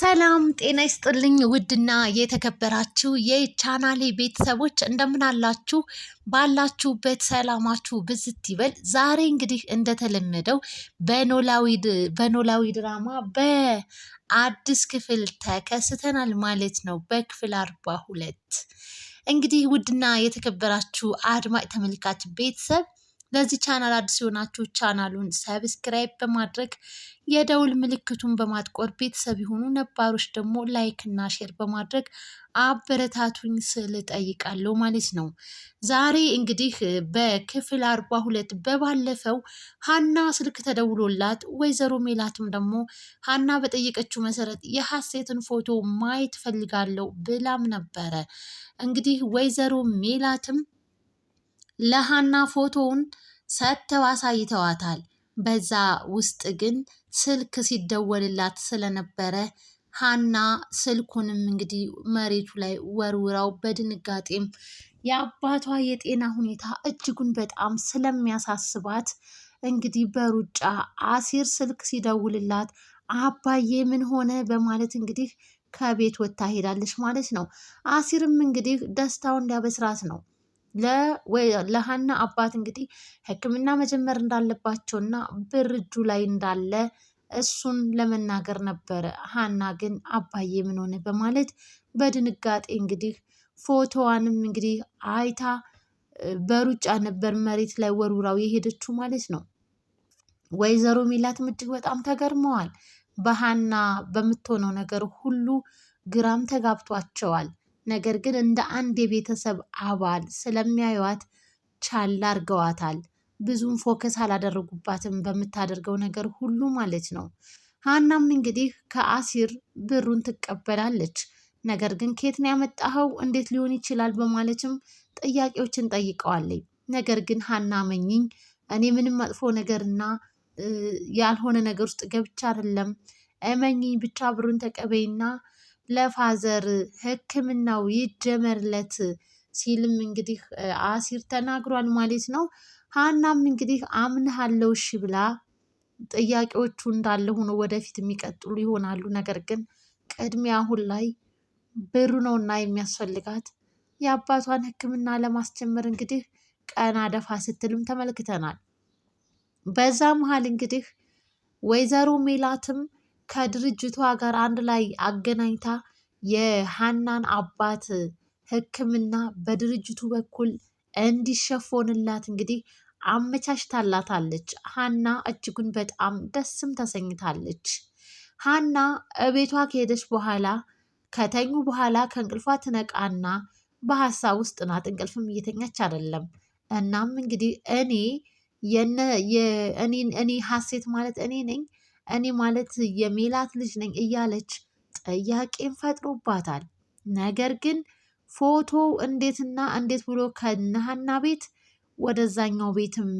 ሰላም ጤና ይስጥልኝ። ውድና የተከበራችሁ የቻናሌ ቤተሰቦች እንደምን አላችሁ? ባላችሁበት ሰላማችሁ ብዝት ይበል። ዛሬ እንግዲህ እንደተለመደው በኖላዊ ድራማ በአዲስ ክፍል ተከስተናል ማለት ነው። በክፍል አርባ ሁለት እንግዲህ ውድና የተከበራችሁ አድማጭ ተመልካች ቤተሰብ ለዚህ ቻናል አዲስ የሆናችሁ ቻናሉን ሰብስክራይብ በማድረግ የደውል ምልክቱን በማጥቆር ቤተሰብ የሆኑ ነባሮች ደግሞ ላይክ እና ሼር በማድረግ አበረታቱኝ ስል ጠይቃለሁ ማለት ነው። ዛሬ እንግዲህ በክፍል አርባ ሁለት በባለፈው ሀና ስልክ ተደውሎላት ወይዘሮ ሜላትም ደግሞ ሀና በጠየቀችው መሰረት የሀሴትን ፎቶ ማየት ፈልጋለሁ ብላም ነበረ። እንግዲህ ወይዘሮ ሜላትም ለሀና ፎቶውን ሰጥተው አሳይተዋታል። በዛ ውስጥ ግን ስልክ ሲደወልላት ስለነበረ ሀና ስልኩንም እንግዲህ መሬቱ ላይ ወርውራው በድንጋጤም የአባቷ የጤና ሁኔታ እጅጉን በጣም ስለሚያሳስባት እንግዲህ በሩጫ አሲር ስልክ ሲደውልላት አባዬ ምን ሆነ በማለት እንግዲህ ከቤት ወጥታ ሄዳለች ማለት ነው። አሲርም እንግዲህ ደስታውን እንዲያበስራት ነው። ለሀና አባት እንግዲህ ሕክምና መጀመር እና ብር እጁ ላይ እንዳለ እሱን ለመናገር ነበረ። ሀና ግን አባዬ ምን ሆነ በማለት በድንጋጤ እንግዲህ ፎቶዋንም እንግዲህ አይታ በሩጫ ነበር መሬት ላይ ወርውራው የሄደችው ማለት ነው። ወይዘሮ ሚላትም እጅግ በጣም ተገርመዋል። በሀና በምትሆነው ነገር ሁሉ ግራም ተጋብቷቸዋል። ነገር ግን እንደ አንድ የቤተሰብ አባል ስለሚያዩዋት ቻል አርገዋታል ብዙም ፎከስ አላደረጉባትም በምታደርገው ነገር ሁሉ ማለት ነው። ሀናም እንግዲህ ከአሲር ብሩን ትቀበላለች። ነገር ግን ኬትን ያመጣኸው? እንዴት ሊሆን ይችላል? በማለትም ጥያቄዎችን ጠይቀዋለኝ። ነገር ግን ሀና መኝኝ እኔ ምንም መጥፎ ነገርና ያልሆነ ነገር ውስጥ ገብቻ አይደለም። እመኝኝ ብቻ ብሩን ተቀበይና ለፋዘር ህክምናው ይጀመርለት ሲልም እንግዲህ አሲር ተናግሯል ማለት ነው። ሀናም እንግዲህ አምንሃለው እሺ ብላ ጥያቄዎቹ እንዳለ ሆኖ ወደፊት የሚቀጥሉ ይሆናሉ። ነገር ግን ቅድሚያ አሁን ላይ ብሩ ነውና የሚያስፈልጋት የአባቷን ህክምና ለማስጀመር እንግዲህ ቀና ደፋ ስትልም ተመልክተናል። በዛ መሀል እንግዲህ ወይዘሮ ሜላትም ከድርጅቷ ጋር አንድ ላይ አገናኝታ የሀናን አባት ህክምና በድርጅቱ በኩል እንዲሸፎንላት እንግዲህ አመቻችታላታለች። ሀና እጅጉን በጣም ደስም ተሰኝታለች። ሀና እቤቷ ከሄደች በኋላ ከተኙ በኋላ ከእንቅልፏ ትነቃና በሀሳብ ውስጥ ናት። እንቅልፍም እየተኛች አይደለም። እናም እንግዲህ እኔ እኔ ሀሴት ማለት እኔ ነኝ እኔ ማለት የሜላት ልጅ ነኝ እያለች ጥያቄን ፈጥሮባታል። ነገር ግን ፎቶው እንዴትና እንዴት ብሎ ከነሀና ቤት ወደዛኛው ቤትም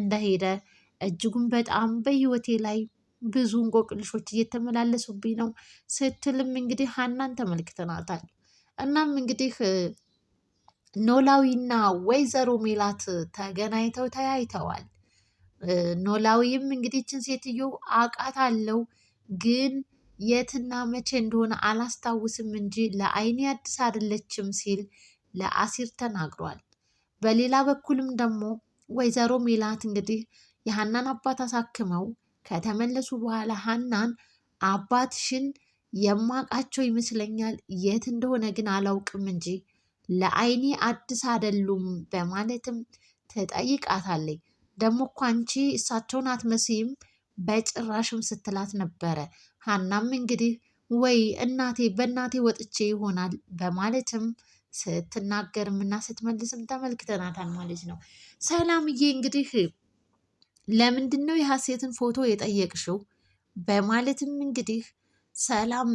እንደሄደ እጅጉን በጣም በህይወቴ ላይ ብዙ እንቆቅልሾች እየተመላለሱብኝ ነው ስትልም እንግዲህ ሀናን ተመልክተናታል። እናም እንግዲህ ኖላዊና ወይዘሮ ሜላት ተገናኝተው ተያይተዋል። ኖላዊም እንግዲህ ይችን ሴትዮ አለው ግን የትና መቼ እንደሆነ አላስታውስም እንጂ ለአይኔ አዲስ አይደለችም ሲል ለአሲር ተናግሯል። በሌላ በኩልም ደግሞ ወይዘሮ ሜላት እንግዲህ የሀናን አባት አሳክመው ከተመለሱ በኋላ ሀናን አባትሽን የማቃቸው ይመስለኛል፣ የት እንደሆነ ግን አላውቅም እንጂ ለአይኔ አዲስ አይደሉም በማለትም ተጠይቃታለች። ደግሞ እኮ አንቺ እሳቸውን አትመስይም በጭራሽም ስትላት ነበረ። ሀናም እንግዲህ ወይ እናቴ በእናቴ ወጥቼ ይሆናል በማለትም ስትናገርም እና ስትመልስም ተመልክተናታል ማለት ነው። ሰላምዬ እንግዲህ ለምንድን ነው የሀሴትን ፎቶ የጠየቅሽው? በማለትም እንግዲህ ሰላም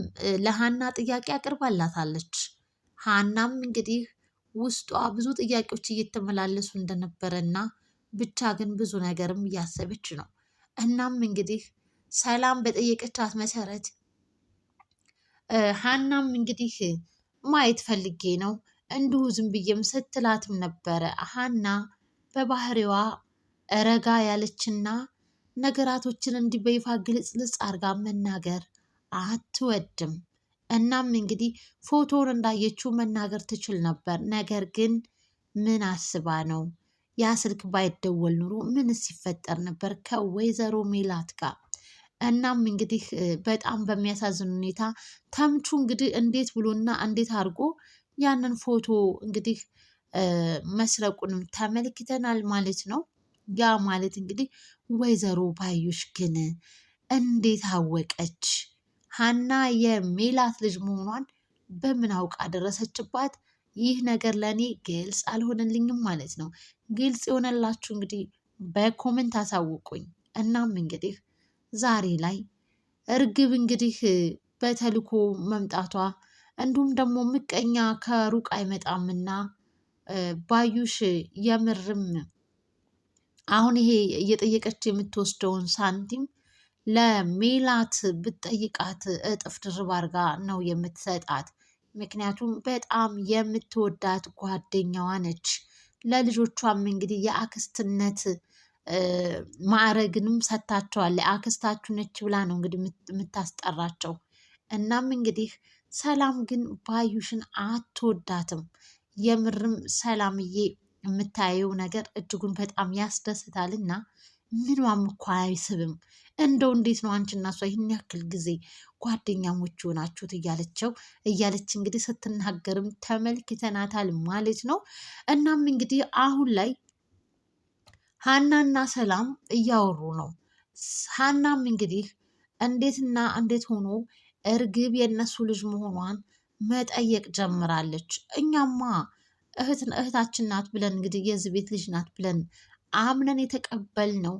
ለሀና ጥያቄ አቅርባላታለች። ሀናም እንግዲህ ውስጧ ብዙ ጥያቄዎች እየተመላለሱ እንደነበረ እና ብቻ ግን ብዙ ነገርም እያሰበች ነው። እናም እንግዲህ ሰላም በጠየቀቻት መሰረት ሀናም እንግዲህ ማየት ፈልጌ ነው እንዲሁ ዝም ብዬም ስትላትም ነበረ። ሀና በባህሪዋ ረጋ ያለችና ነገራቶችን እንዲህ በይፋ ግልጽልጽ አድርጋ መናገር አትወድም። እናም እንግዲህ ፎቶውን እንዳየችው መናገር ትችል ነበር። ነገር ግን ምን አስባ ነው ያ ስልክ ባይደወል ኑሮ ምንስ ይፈጠር ነበር ከወይዘሮ ሜላት ጋር። እናም እንግዲህ በጣም በሚያሳዝን ሁኔታ ተምቹ እንግዲህ እንዴት ብሎና እንዴት አድርጎ ያንን ፎቶ እንግዲህ መስረቁንም ተመልክተናል ማለት ነው። ያ ማለት እንግዲህ ወይዘሮ ባዩሽ ግን እንዴት አወቀች? ሀና የሜላት ልጅ መሆኗን በምን አውቃ ደረሰችባት? ይህ ነገር ለእኔ ግልጽ አልሆነልኝም ማለት ነው። ግልጽ የሆነላችሁ እንግዲህ በኮመንት አሳውቁኝ። እናም እንግዲህ ዛሬ ላይ እርግብ እንግዲህ በተልኮ መምጣቷ እንዲሁም ደግሞ ምቀኛ ከሩቅ አይመጣምና ባዩሽ የምርም አሁን ይሄ እየጠየቀች የምትወስደውን ሳንቲም ለሜላት ብትጠይቃት እጥፍ ድርብ አድርጋ ነው የምትሰጣት። ምክንያቱም በጣም የምትወዳት ጓደኛዋ ነች። ለልጆቿም እንግዲህ የአክስትነት ማዕረግንም ሰጥታቸዋል። አክስታችሁ ነች ብላ ነው እንግዲህ የምታስጠራቸው። እናም እንግዲህ ሰላም ግን ባዩሽን አትወዳትም። የምርም ሰላምዬ የምታየው ነገር እጅጉን በጣም ያስደስታል እና። ምንም እኮ አይስብም። እንደው እንዴት ነው እና እሷ ይህን ያክል ጊዜ ጓደኛሞች ሆናችሁት? እያለችው እያለች እንግዲህ ስትናገርም ተመልክተናታል ማለት ነው። እናም እንግዲህ አሁን ላይ ሀናና ሰላም እያወሩ ነው። ሀናም እንግዲህ እንዴትና እንዴት ሆኖ እርግብ የእነሱ ልጅ መሆኗን መጠየቅ ጀምራለች። እኛማ እህታችን ናት ብለን እንግዲህ የዚህ ቤት ልጅ ናት ብለን አምነን የተቀበልነው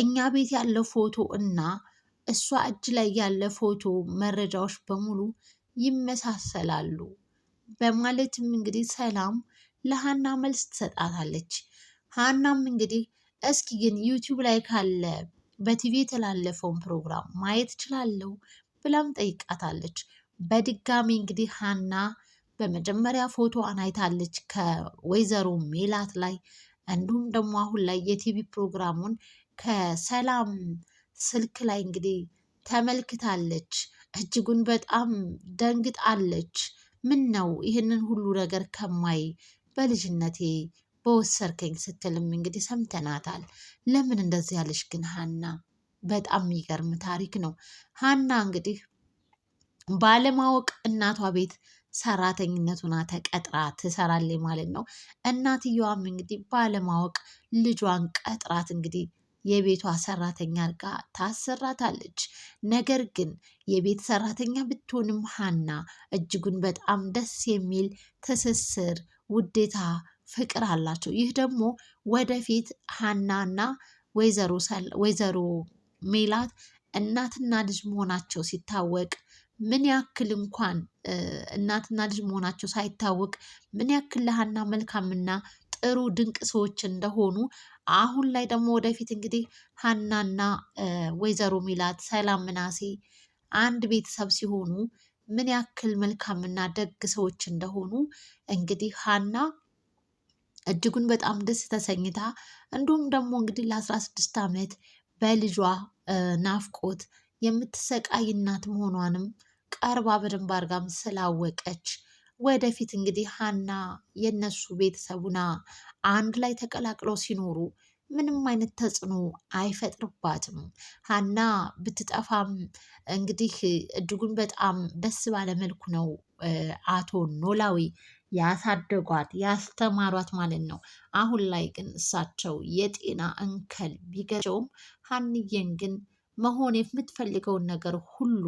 እኛ ቤት ያለ ፎቶ እና እሷ እጅ ላይ ያለ ፎቶ መረጃዎች በሙሉ ይመሳሰላሉ በማለትም እንግዲህ ሰላም ለሀና መልስ ትሰጣታለች። ሀናም እንግዲህ እስኪ ግን ዩቲዩብ ላይ ካለ በቲቪ የተላለፈውን ፕሮግራም ማየት እችላለሁ ብላም ጠይቃታለች። በድጋሚ እንግዲህ ሀና በመጀመሪያ ፎቶዋን አይታለች ከወይዘሮ ሜላት ላይ እንዲሁም ደግሞ አሁን ላይ የቲቪ ፕሮግራሙን ከሰላም ስልክ ላይ እንግዲህ ተመልክታለች። እጅጉን በጣም ደንግጣለች። ምን ነው ይህንን ሁሉ ነገር ከማይ በልጅነቴ በወሰርከኝ ስትልም እንግዲህ ሰምተናታል። ለምን እንደዚህ ያለች ግን ሀና በጣም የሚገርም ታሪክ ነው። ሀና እንግዲህ ባለማወቅ እናቷ ቤት ሰራተኝነቱና ተቀጥራ ትሰራለች ማለት ነው። እናትየዋም እንግዲህ ባለማወቅ ልጇን ቀጥራት እንግዲህ የቤቷ ሰራተኛ አድርጋ ታሰራታለች። ነገር ግን የቤት ሰራተኛ ብትሆንም ሀና እጅጉን በጣም ደስ የሚል ትስስር፣ ውዴታ፣ ፍቅር አላቸው። ይህ ደግሞ ወደፊት ሀናና ወይዘሮ ሜላት እናትና ልጅ መሆናቸው ሲታወቅ ምን ያክል እንኳን እናትና ልጅ መሆናቸው ሳይታወቅ ምን ያክል ለሀና መልካምና ጥሩ ድንቅ ሰዎች እንደሆኑ አሁን ላይ ደግሞ ወደፊት እንግዲህ ሀናና ወይዘሮ ሚላት ሰላም ምናሴ አንድ ቤተሰብ ሲሆኑ ምን ያክል መልካምና ደግ ሰዎች እንደሆኑ እንግዲህ ሀና እጅጉን በጣም ደስ ተሰኝታ እንዲሁም ደግሞ እንግዲህ ለአስራ ስድስት ዓመት በልጇ ናፍቆት የምትሰቃይ እናት መሆኗንም ቀርባ በደንብ አድርጋም ስላወቀች ወደፊት እንግዲህ ሀና የነሱ ቤተሰቡና አንድ ላይ ተቀላቅለው ሲኖሩ ምንም አይነት ተጽዕኖ አይፈጥርባትም። ሀና ብትጠፋም እንግዲህ እጅጉን በጣም ደስ ባለ መልኩ ነው አቶ ኖላዊ ያሳደጓት ያስተማሯት ማለት ነው። አሁን ላይ ግን እሳቸው የጤና እንከል ቢገጨውም ሀንዬን ግን መሆን የምትፈልገውን ነገር ሁሉ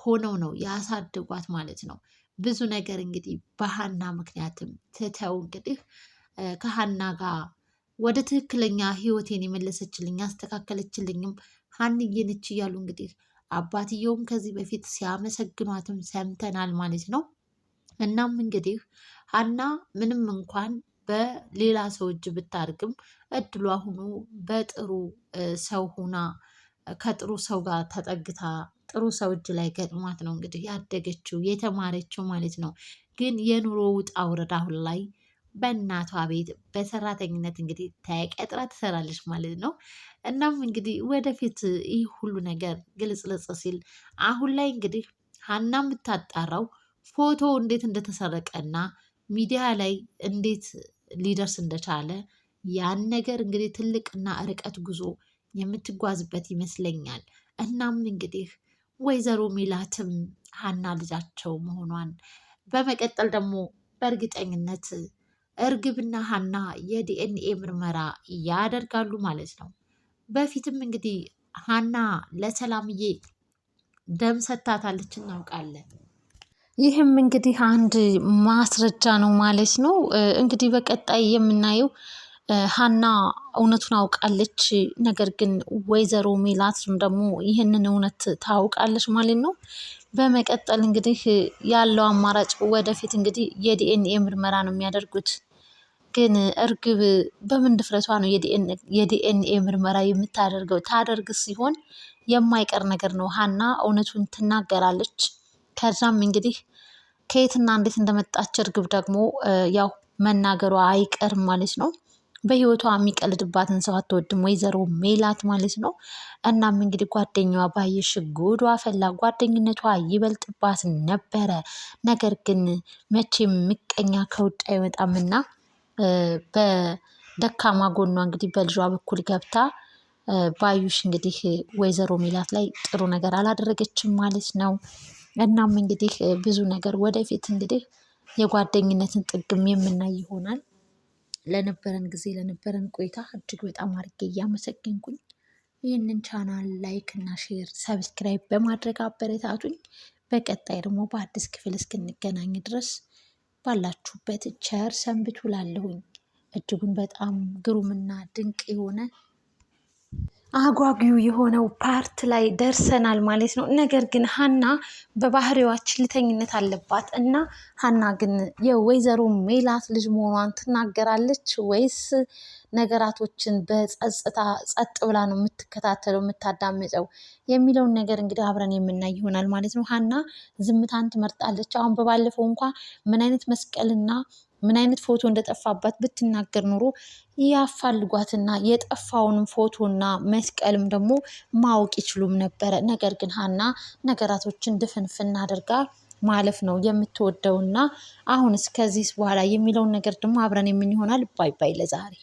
ሆነው ነው ያሳድጓት ማለት ነው። ብዙ ነገር እንግዲህ በሀና ምክንያትም ትተው እንግዲህ ከሀና ጋር ወደ ትክክለኛ ህይወቴን የመለሰችልኝ ያስተካከለችልኝም ሀንዬ ነች እያሉ እንግዲህ አባትየውም ከዚህ በፊት ሲያመሰግኗትም ሰምተናል ማለት ነው። እናም እንግዲህ ሀና ምንም እንኳን በሌላ ሰው እጅ ብታድግም እድሏ ሁኖ በጥሩ ሰው ሁና ከጥሩ ሰው ጋር ተጠግታ ጥሩ ሰው እጅ ላይ ገጥሟት ነው እንግዲህ ያደገችው የተማረችው ማለት ነው። ግን የኑሮ ውጣ ውረድ አሁን ላይ በእናቷ ቤት በሰራተኝነት እንግዲህ ተቀጥራ ትሰራለች ማለት ነው። እናም እንግዲህ ወደፊት ይህ ሁሉ ነገር ግልጽልጽ ሲል አሁን ላይ እንግዲህ ሀና የምታጣራው ፎቶ እንዴት እንደተሰረቀና ሚዲያ ላይ እንዴት ሊደርስ እንደቻለ ያን ነገር እንግዲህ ትልቅና ርቀት ጉዞ የምትጓዝበት ይመስለኛል። እናም እንግዲህ ወይዘሮ ሚላትም ሀና ልጃቸው መሆኗን በመቀጠል ደግሞ በእርግጠኝነት እርግብና ሀና የዲኤንኤ ምርመራ ያደርጋሉ ማለት ነው። በፊትም እንግዲህ ሀና ለሰላምዬ ደም ሰጥታታለች እናውቃለን። ይህም እንግዲህ አንድ ማስረጃ ነው ማለት ነው። እንግዲህ በቀጣይ የምናየው ሀና እውነቱን አውቃለች። ነገር ግን ወይዘሮ ሜላትም ደግሞ ይህንን እውነት ታውቃለች ማለት ነው። በመቀጠል እንግዲህ ያለው አማራጭ ወደፊት እንግዲህ የዲኤንኤ ምርመራ ነው የሚያደርጉት። ግን እርግብ በምን ድፍረቷ ነው የዲኤንኤ ምርመራ የምታደርገው? ታደርግ ሲሆን የማይቀር ነገር ነው። ሀና እውነቱን ትናገራለች። ከዛም እንግዲህ ከየትና እንዴት እንደመጣች እርግብ ደግሞ ያው መናገሯ አይቀርም ማለት ነው። በህይወቷ የሚቀልድባትን ሰው አትወድም ወይዘሮ ሜላት ማለት ነው። እናም እንግዲህ ጓደኛዋ ባየሽ ጉዷ ፈላ፣ ጓደኝነቷ ይበልጥባት ነበረ። ነገር ግን መቼም ምቀኛ ከውድ እና በደካማ ጎኗ እንግዲህ በልጇ በኩል ገብታ ባዩሽ እንግዲህ ወይዘሮ ሚላት ላይ ጥሩ ነገር አላደረገችም ማለት ነው። እናም እንግዲህ ብዙ ነገር ወደፊት እንግዲህ የጓደኝነትን ጥግም የምናይ ይሆናል። ለነበረን ጊዜ ለነበረን ቆይታ እጅግ በጣም አድርጌ እያመሰገንኩኝ ይህንን ቻናል ላይክ እና ሼር ሰብስክራይብ በማድረግ አበረታቱኝ። በቀጣይ ደግሞ በአዲስ ክፍል እስክንገናኝ ድረስ ባላችሁበት ቸር ሰንብቱ ላለሁኝ እጅጉን በጣም ግሩምና ድንቅ የሆነ አጓጊው የሆነው ፓርት ላይ ደርሰናል ማለት ነው። ነገር ግን ሀና በባህሪዋ ችልተኝነት አለባት እና ሀና ግን የወይዘሮ ሜላት ልጅ መሆኗን ትናገራለች ወይስ ነገራቶችን በጸጥታ ጸጥ ብላ ነው የምትከታተለው የምታዳምጠው የሚለውን ነገር እንግዲህ አብረን የምናይ ይሆናል ማለት ነው። ሀና ዝምታን ትመርጣለች። አሁን በባለፈው እንኳ ምን አይነት መስቀልና ምን አይነት ፎቶ እንደጠፋባት ብትናገር ኑሮ ያፋልጓትና የጠፋውንም ፎቶና መስቀልም ደግሞ ማወቅ ይችሉም ነበረ። ነገር ግን ሀና ነገራቶችን ድፍንፍን አድርጋ ማለፍ ነው የምትወደውና አሁን እስከዚህ በኋላ የሚለውን ነገር ደግሞ አብረን የምን ይሆናል። ባይ ባይ ለዛሬ